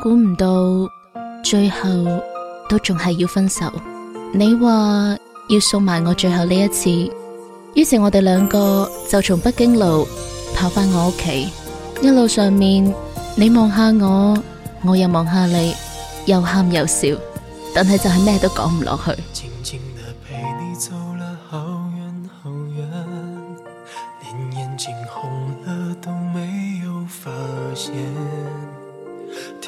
估唔到，最後都仲係要分手。你話要送埋我最後呢一次，於是我哋兩個就從北京路跑返我屋企，一路上面你望下我，我又望下你，又喊又笑，但係就係咩都講唔落去。靜靜地陪你走了好遠好遠，連眼睛紅了都沒有發現。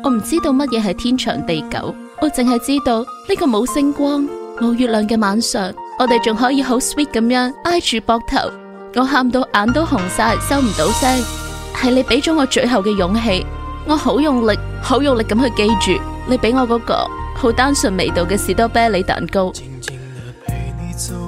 我唔知道乜嘢係天長地久。我淨係知道呢個冇星光、冇月亮嘅晚上，我哋仲可以好 sweet 咁樣挨住膊頭，我喊到眼都紅晒，收唔到聲。係你俾咗我最後嘅勇氣，我好用力、好用力咁去記住你俾我嗰個好單純味道嘅士多啤梨蛋糕。靜靜地陪你走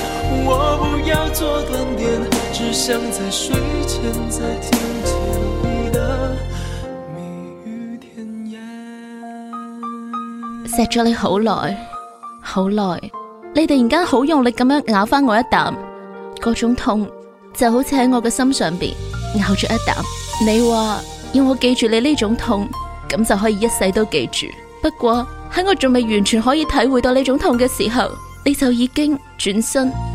我不要做斷點，只想在睡前再聽見你的蜜語甜言「錫咗你好耐，好耐，你突然間好用力咁樣咬翻我一啖，嗰種痛就好似喺我嘅心上邊咬住一啖。你話要我記住你呢種痛，咁就可以一世都記住。不過喺我仲未完全可以體會到呢種痛嘅時候，你就已經轉身。